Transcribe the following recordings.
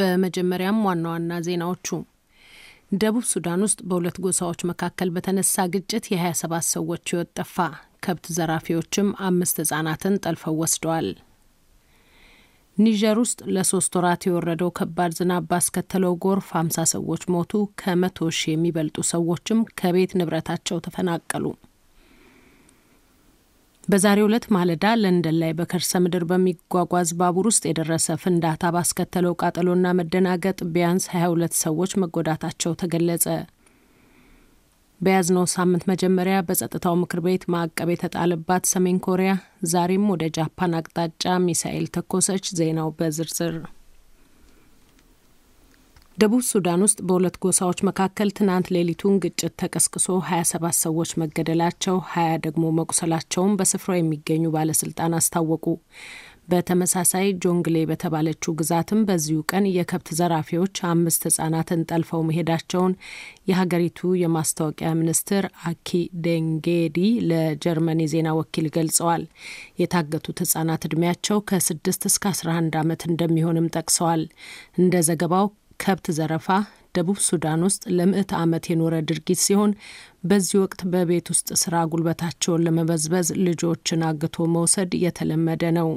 በመጀመሪያም ዋና ዋና ዜናዎቹ ደቡብ ሱዳን ውስጥ በሁለት ጎሳዎች መካከል በተነሳ ግጭት የ27 ሰዎች ህይወት ጠፋ። ከብት ዘራፊዎችም አምስት ህጻናትን ጠልፈው ወስደዋል። ኒጀር ውስጥ ለሶስት ወራት የወረደው ከባድ ዝናብ ባስከተለው ጎርፍ 50 ሰዎች ሞቱ፣ ከመቶ ሺህ የሚበልጡ ሰዎችም ከቤት ንብረታቸው ተፈናቀሉ። በዛሬው ዕለት ማለዳ ለንደን ላይ በከርሰ ምድር በሚጓጓዝ ባቡር ውስጥ የደረሰ ፍንዳታ ባስከተለው ቃጠሎና መደናገጥ ቢያንስ 22 ሰዎች መጎዳታቸው ተገለጸ። በያዝነው ሳምንት መጀመሪያ በጸጥታው ምክር ቤት ማዕቀብ የተጣለባት ሰሜን ኮሪያ ዛሬም ወደ ጃፓን አቅጣጫ ሚሳኤል ተኮሰች። ዜናው በዝርዝር ደቡብ ሱዳን ውስጥ በሁለት ጎሳዎች መካከል ትናንት ሌሊቱን ግጭት ተቀስቅሶ 27 ሰዎች መገደላቸው፣ 20 ደግሞ መቁሰላቸውን በስፍራው የሚገኙ ባለስልጣን አስታወቁ። በተመሳሳይ ጆንግሌ በተባለችው ግዛትም በዚሁ ቀን የከብት ዘራፊዎች አምስት ህጻናትን ጠልፈው መሄዳቸውን የሀገሪቱ የማስታወቂያ ሚኒስትር አኪ ደንጌዲ ለጀርመን የዜና ወኪል ገልጸዋል። የታገቱት ህጻናት እድሜያቸው ከ6 እስከ 11 ዓመት እንደሚሆንም ጠቅሰዋል። እንደ ዘገባው ከብት ዘረፋ ደቡብ ሱዳን ውስጥ ለምዕት ዓመት የኖረ ድርጊት ሲሆን በዚህ ወቅት በቤት ውስጥ ስራ ጉልበታቸውን ለመበዝበዝ ልጆችን አግቶ መውሰድ የተለመደ ነው።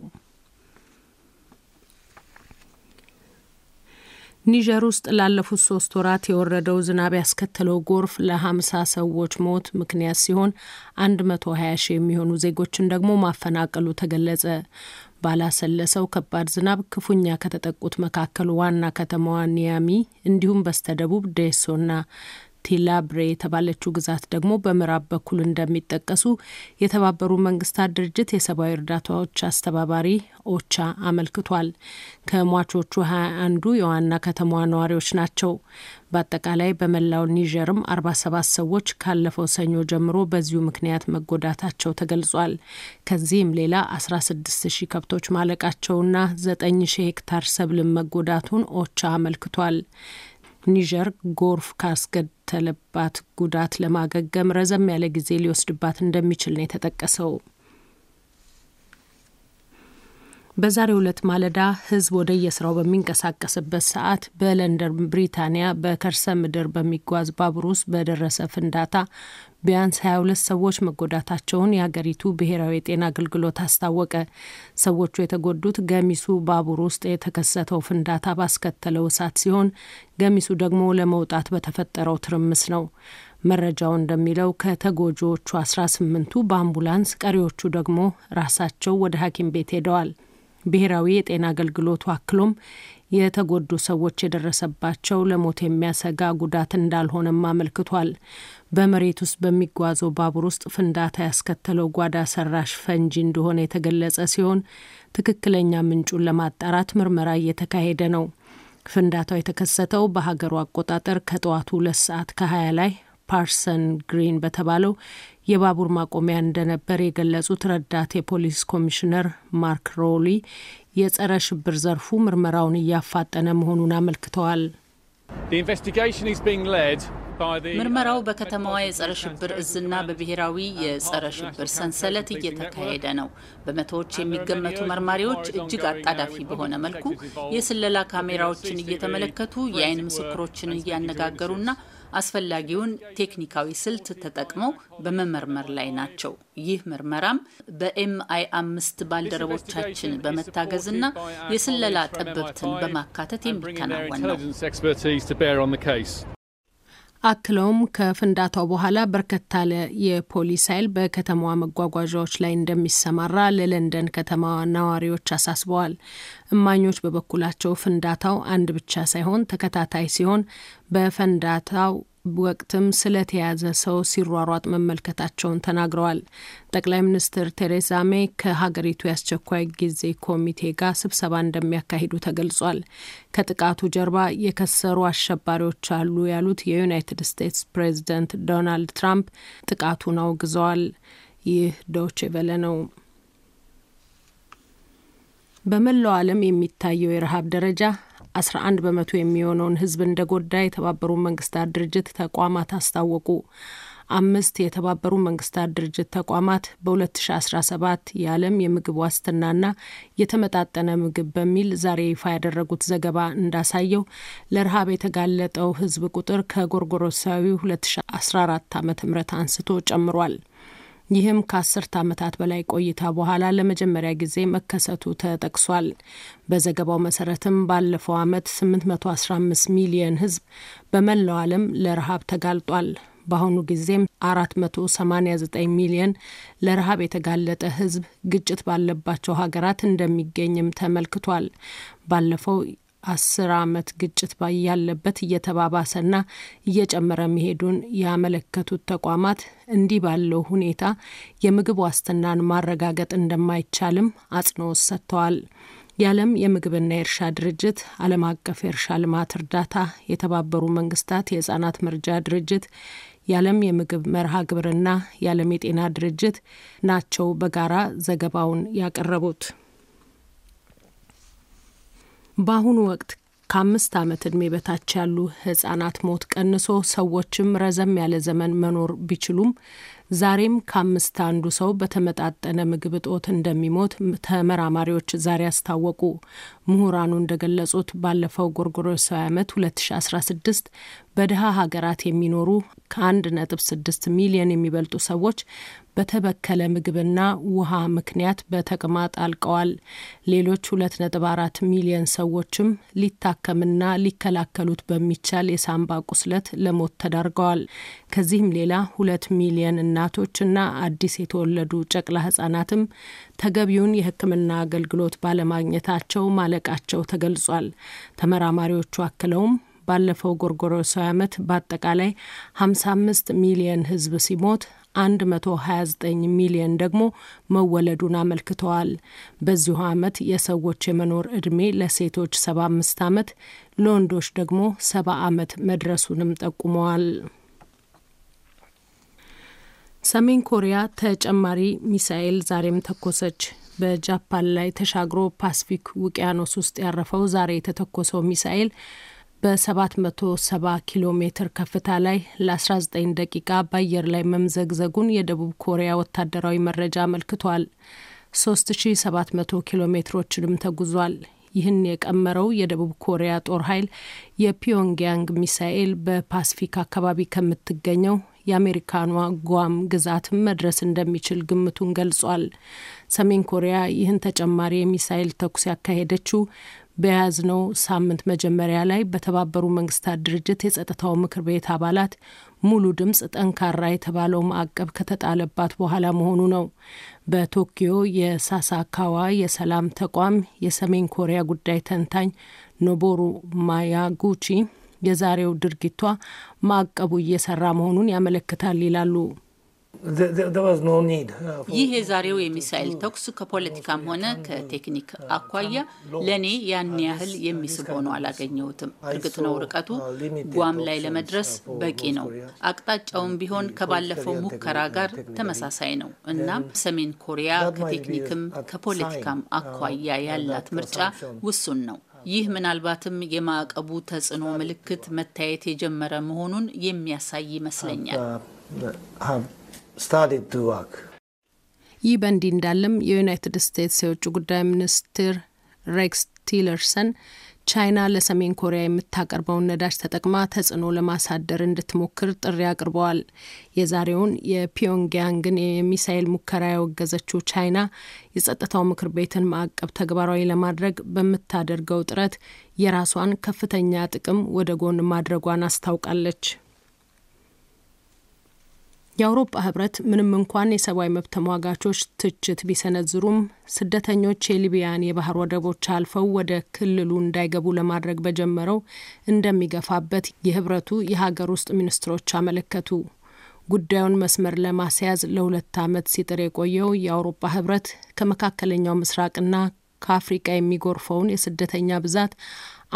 ኒጀር ውስጥ ላለፉት ሶስት ወራት የወረደው ዝናብ ያስከተለው ጎርፍ ለሀምሳ ሰዎች ሞት ምክንያት ሲሆን አንድ መቶ ሀያ ሺህ የሚሆኑ ዜጎችን ደግሞ ማፈናቀሉ ተገለጸ። ባላሰለሰው ከባድ ዝናብ ክፉኛ ከተጠቁት መካከል ዋና ከተማዋ ኒያሚ እንዲሁም በስተደቡብ ዴሶና ቲላብሬ የተባለችው ግዛት ደግሞ በምዕራብ በኩል እንደሚጠቀሱ የተባበሩ መንግስታት ድርጅት የሰብአዊ እርዳታዎች አስተባባሪ ኦቻ አመልክቷል። ከሟቾቹ ሀያ አንዱ የዋና ከተማዋ ነዋሪዎች ናቸው። በአጠቃላይ በመላው ኒጀርም ሰባት ሰዎች ካለፈው ሰኞ ጀምሮ በዚሁ ምክንያት መጎዳታቸው ተገልጿል። ከዚህም ሌላ ሺህ ከብቶች ማለቃቸውና ሺህ ሄክታር ሰብልም መጎዳቱን ኦቻ አመልክቷል። ኒጀር ጎርፍ ካስከተለባት ጉዳት ለማገገም ረዘም ያለ ጊዜ ሊወስድባት እንደሚችል ነው የተጠቀሰው። በዛሬው ዕለት ማለዳ ህዝብ ወደ የስራው በሚንቀሳቀስበት ሰዓት በለንደን ብሪታንያ በከርሰ ምድር በሚጓዝ ባቡር ውስጥ በደረሰ ፍንዳታ ቢያንስ 22 ሰዎች መጎዳታቸውን የሀገሪቱ ብሔራዊ የጤና አገልግሎት አስታወቀ። ሰዎቹ የተጎዱት ገሚሱ ባቡር ውስጥ የተከሰተው ፍንዳታ ባስከተለው እሳት ሲሆን ገሚሱ ደግሞ ለመውጣት በተፈጠረው ትርምስ ነው። መረጃው እንደሚለው ከተጎጂዎቹ 18ቱ በአምቡላንስ፣ ቀሪዎቹ ደግሞ ራሳቸው ወደ ሐኪም ቤት ሄደዋል። ብሔራዊ የጤና አገልግሎቱ አክሎም የተጎዱ ሰዎች የደረሰባቸው ለሞት የሚያሰጋ ጉዳት እንዳልሆነም አመልክቷል። በመሬት ውስጥ በሚጓዘው ባቡር ውስጥ ፍንዳታ ያስከተለው ጓዳ ሰራሽ ፈንጂ እንደሆነ የተገለጸ ሲሆን ትክክለኛ ምንጩን ለማጣራት ምርመራ እየተካሄደ ነው። ፍንዳታው የተከሰተው በሀገሩ አቆጣጠር ከጠዋቱ ሁለት ሰዓት ከ20 ላይ ፓርሰን ግሪን በተባለው የባቡር ማቆሚያ እንደነበር የገለጹት ረዳት የፖሊስ ኮሚሽነር ማርክ ሮሊ የጸረ ሽብር ዘርፉ ምርመራውን እያፋጠነ መሆኑን አመልክተዋል። ምርመራው uh, በከተማዋ የጸረ ሽብር እዝና በብሔራዊ የጸረ ሽብር ሰንሰለት እየተካሄደ ነው። በመቶዎች የሚገመቱ መርማሪዎች እጅግ አጣዳፊ በሆነ መልኩ የስለላ ካሜራዎችን እየተመለከቱ የአይን ምስክሮችን እያነጋገሩና አስፈላጊውን ቴክኒካዊ ስልት ተጠቅመው በመመርመር ላይ ናቸው። ይህ ምርመራም በኤምአይ አምስት ባልደረቦቻችን በመታገዝና የስለላ ጠበብትን በማካተት የሚከናወን ነው። አክለውም ከፍንዳታው በኋላ በርከት ያለ የፖሊስ ኃይል በከተማዋ መጓጓዣዎች ላይ እንደሚሰማራ ለለንደን ከተማ ነዋሪዎች አሳስበዋል። እማኞች በበኩላቸው ፍንዳታው አንድ ብቻ ሳይሆን ተከታታይ ሲሆን በፈንዳታው ወቅትም ስለተያዘ ሰው ሲሯሯጥ መመልከታቸውን ተናግረዋል። ጠቅላይ ሚኒስትር ቴሬዛ ሜይ ከሀገሪቱ የአስቸኳይ ጊዜ ኮሚቴ ጋር ስብሰባ እንደሚያካሂዱ ተገልጿል። ከጥቃቱ ጀርባ የከሰሩ አሸባሪዎች አሉ ያሉት የዩናይትድ ስቴትስ ፕሬዚደንት ዶናልድ ትራምፕ ጥቃቱን አውግዘዋል። ይህ ዶቼ ቬለ ነው። በመላው ዓለም የሚታየው የረሃብ ደረጃ 11 በመቶ የሚሆነውን ህዝብ እንደጎዳ የተባበሩ መንግስታት ድርጅት ተቋማት አስታወቁ። አምስት የተባበሩ መንግስታት ድርጅት ተቋማት በ2017 የዓለም የምግብ ዋስትናና የተመጣጠነ ምግብ በሚል ዛሬ ይፋ ያደረጉት ዘገባ እንዳሳየው ለረሃብ የተጋለጠው ህዝብ ቁጥር ከጎርጎሮሳዊ 2014 ዓ.ም አንስቶ ጨምሯል። ይህም ከአስርት ዓመታት በላይ ቆይታ በኋላ ለመጀመሪያ ጊዜ መከሰቱ ተጠቅሷል። በዘገባው መሰረትም ባለፈው ዓመት 815 ሚሊየን ህዝብ በመላው ዓለም ለረሃብ ተጋልጧል። በአሁኑ ጊዜም 489 ሚሊየን ለረሃብ የተጋለጠ ህዝብ ግጭት ባለባቸው ሀገራት እንደሚገኝም ተመልክቷል። ባለፈው አስር ዓመት ግጭት ያለበት እየተባባሰና እየጨመረ መሄዱን ያመለከቱት ተቋማት እንዲህ ባለው ሁኔታ የምግብ ዋስትናን ማረጋገጥ እንደማይቻልም አጽንኦት ሰጥተዋል። የዓለም የምግብና የእርሻ ድርጅት፣ ዓለም አቀፍ የእርሻ ልማት እርዳታ፣ የተባበሩ መንግስታት የህጻናት መርጃ ድርጅት፣ የዓለም የምግብ መርሃ ግብርና የዓለም የጤና ድርጅት ናቸው በጋራ ዘገባውን ያቀረቡት። በአሁኑ ወቅት ከአምስት ዓመት ዕድሜ በታች ያሉ ህጻናት ሞት ቀንሶ ሰዎችም ረዘም ያለ ዘመን መኖር ቢችሉም ዛሬም ከአምስት አንዱ ሰው በተመጣጠነ ምግብ እጦት እንደሚሞት ተመራማሪዎች ዛሬ አስታወቁ። ምሁራኑ እንደገለጹት ባለፈው ጎርጎሮሳዊ ዓመት 2016 በድሃ ሀገራት የሚኖሩ ነጥብ ስድስት ሚሊዮን የሚበልጡ ሰዎች በተበከለ ምግብና ውሃ ምክንያት በተቅማጥ አልቀዋል። ሌሎች አራት ሚሊዮን ሰዎችም ሊታከምና ሊከላከሉት በሚቻል የሳምባ ቁስለት ለሞት ተዳርገዋል። ከዚህም ሌላ ሁለት ሚሊዮን እናቶችና አዲስ የተወለዱ ጨቅላ ህጻናትም ተገቢውን የሕክምና አገልግሎት ባለማግኘታቸው ማለቃቸው ተገልጿል። ተመራማሪዎቹ አክለውም ባለፈው ጎርጎሮሳዊ ዓመት በአጠቃላይ 55 ሚሊየን ህዝብ ሲሞት 129 ሚሊየን ደግሞ መወለዱን አመልክተዋል። በዚሁ ዓመት የሰዎች የመኖር ዕድሜ ለሴቶች 75 ዓመት፣ ለወንዶች ደግሞ 70 ዓመት መድረሱንም ጠቁመዋል። ሰሜን ኮሪያ ተጨማሪ ሚሳኤል ዛሬም ተኮሰች። በጃፓን ላይ ተሻግሮ ፓስፊክ ውቅያኖስ ውስጥ ያረፈው ዛሬ የተተኮሰው ሚሳኤል በ770 ኪሎ ሜትር ከፍታ ላይ ለ19 ደቂቃ በአየር ላይ መምዘግዘጉን የደቡብ ኮሪያ ወታደራዊ መረጃ አመልክቷል። 3700 ኪሎ ሜትሮችንም ተጉዟል። ይህን የቀመረው የደቡብ ኮሪያ ጦር ኃይል የፒዮንግያንግ ሚሳኤል በፓስፊክ አካባቢ ከምትገኘው የአሜሪካኗ ጓም ግዛት መድረስ እንደሚችል ግምቱን ገልጿል። ሰሜን ኮሪያ ይህን ተጨማሪ የሚሳይል ተኩስ ያካሄደችው በያዝነው ሳምንት መጀመሪያ ላይ በተባበሩ መንግስታት ድርጅት የጸጥታው ምክር ቤት አባላት ሙሉ ድምፅ ጠንካራ የተባለው ማዕቀብ ከተጣለባት በኋላ መሆኑ ነው። በቶኪዮ የሳሳካዋ የሰላም ተቋም የሰሜን ኮሪያ ጉዳይ ተንታኝ ኖቦሩ ማያጉቺ የዛሬው ድርጊቷ ማዕቀቡ እየሰራ መሆኑን ያመለክታል ይላሉ። uh, ይህ የዛሬው የሚሳኤል ተኩስ ከፖለቲካም ሆነ ከቴክኒክ አኳያ ለእኔ ያን ያህል የሚስብ ሆኖ አላገኘሁትም። እርግጥ ነው ርቀቱ ጓም ላይ ለመድረስ በቂ ነው። አቅጣጫውም ቢሆን ከባለፈው ሙከራ ጋር ተመሳሳይ ነው። እናም ሰሜን ኮሪያ ከቴክኒክም ከፖለቲካም አኳያ ያላት ምርጫ ውሱን ነው። ይህ ምናልባትም የማዕቀቡ ተጽዕኖ ምልክት መታየት የጀመረ መሆኑን የሚያሳይ ይመስለኛል። ይህ በእንዲህ እንዳለም የዩናይትድ ስቴትስ የውጭ ጉዳይ ሚኒስትር ሬክስ ቲለርሰን ቻይና ለሰሜን ኮሪያ የምታቀርበውን ነዳጅ ተጠቅማ ተጽዕኖ ለማሳደር እንድትሞክር ጥሪ አቅርበዋል። የዛሬውን የፒዮንግያንግን የሚሳኤል ሙከራ ያወገዘችው ቻይና የጸጥታው ምክር ቤትን ማዕቀብ ተግባራዊ ለማድረግ በምታደርገው ጥረት የራሷን ከፍተኛ ጥቅም ወደ ጎን ማድረጓን አስታውቃለች። የአውሮፓ ህብረት ምንም እንኳን የሰብአዊ መብት ተሟጋቾች ትችት ቢሰነዝሩም ስደተኞች የሊቢያን የባህር ወደቦች አልፈው ወደ ክልሉ እንዳይገቡ ለማድረግ በጀመረው እንደሚገፋበት የህብረቱ የሀገር ውስጥ ሚኒስትሮች አመለከቱ። ጉዳዩን መስመር ለማስያዝ ለሁለት ዓመት ሲጥር የቆየው የአውሮፓ ህብረት ከመካከለኛው ምስራቅና ከአፍሪቃ የሚጎርፈውን የስደተኛ ብዛት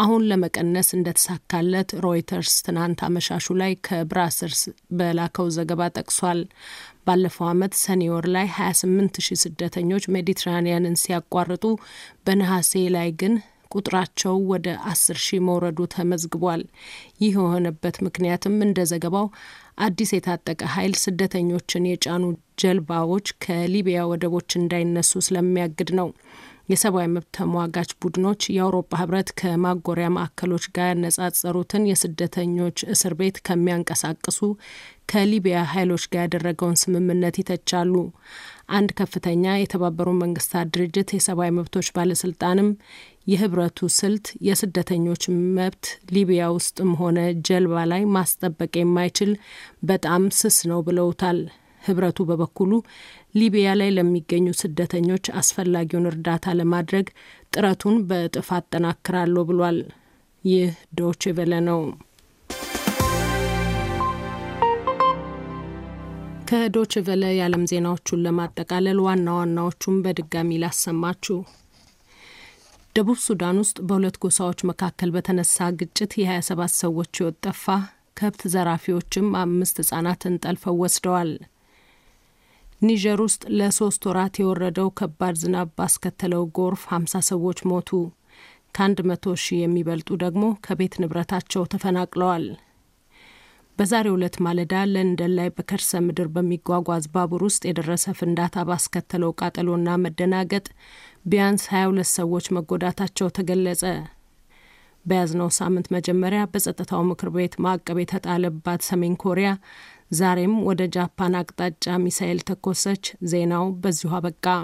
አሁን ለመቀነስ እንደተሳካለት ሮይተርስ ትናንት አመሻሹ ላይ ከብራስልስ በላከው ዘገባ ጠቅሷል። ባለፈው አመት ሰኔ ወር ላይ 28 ሺህ ስደተኞች ሜዲትራኒያንን ሲያቋርጡ በነሐሴ ላይ ግን ቁጥራቸው ወደ 10 ሺህ መውረዱ ተመዝግቧል። ይህ የሆነበት ምክንያትም እንደ ዘገባው አዲስ የታጠቀ ኃይል ስደተኞችን የጫኑ ጀልባዎች ከሊቢያ ወደቦች እንዳይነሱ ስለሚያግድ ነው። የሰብአዊ መብት ተሟጋች ቡድኖች የአውሮፓ ህብረት ከማጎሪያ ማዕከሎች ጋር ያነጻጸሩትን የስደተኞች እስር ቤት ከሚያንቀሳቅሱ ከሊቢያ ኃይሎች ጋር ያደረገውን ስምምነት ይተቻሉ። አንድ ከፍተኛ የተባበሩት መንግስታት ድርጅት የሰብአዊ መብቶች ባለስልጣንም የህብረቱ ስልት የስደተኞች መብት ሊቢያ ውስጥም ሆነ ጀልባ ላይ ማስጠበቅ የማይችል በጣም ስስ ነው ብለውታል። ህብረቱ በበኩሉ ሊቢያ ላይ ለሚገኙ ስደተኞች አስፈላጊውን እርዳታ ለማድረግ ጥረቱን በእጥፍ አጠናክራለሁ ብሏል። ይህ ዶይቼ ቬለ ነው። ከዶች ቬለ የዓለም ዜናዎቹን ለማጠቃለል ዋና ዋናዎቹን በድጋሚ ላሰማችሁ። ደቡብ ሱዳን ውስጥ በሁለት ጎሳዎች መካከል በተነሳ ግጭት የ27 ሰዎች ሕይወት ጠፋ። ከብት ዘራፊዎችም አምስት ህጻናትን ጠልፈው ወስደዋል። ኒጀር ውስጥ ለሶስት ወራት የወረደው ከባድ ዝናብ ባስከተለው ጎርፍ ሀምሳ ሰዎች ሞቱ። ከአንድ መቶ ሺህ የሚበልጡ ደግሞ ከቤት ንብረታቸው ተፈናቅለዋል። በዛሬው ዕለት ማለዳ ለንደን ላይ በከርሰ ምድር በሚጓጓዝ ባቡር ውስጥ የደረሰ ፍንዳታ ባስከተለው ቃጠሎና መደናገጥ ቢያንስ 22 ሰዎች መጎዳታቸው ተገለጸ። በያዝነው ሳምንት መጀመሪያ በጸጥታው ምክር ቤት ማዕቀብ የተጣለባት ሰሜን ኮሪያ ዛሬም ወደ ጃፓን አቅጣጫ ሚሳኤል ተኮሰች። ዜናው በዚሁ አበቃ።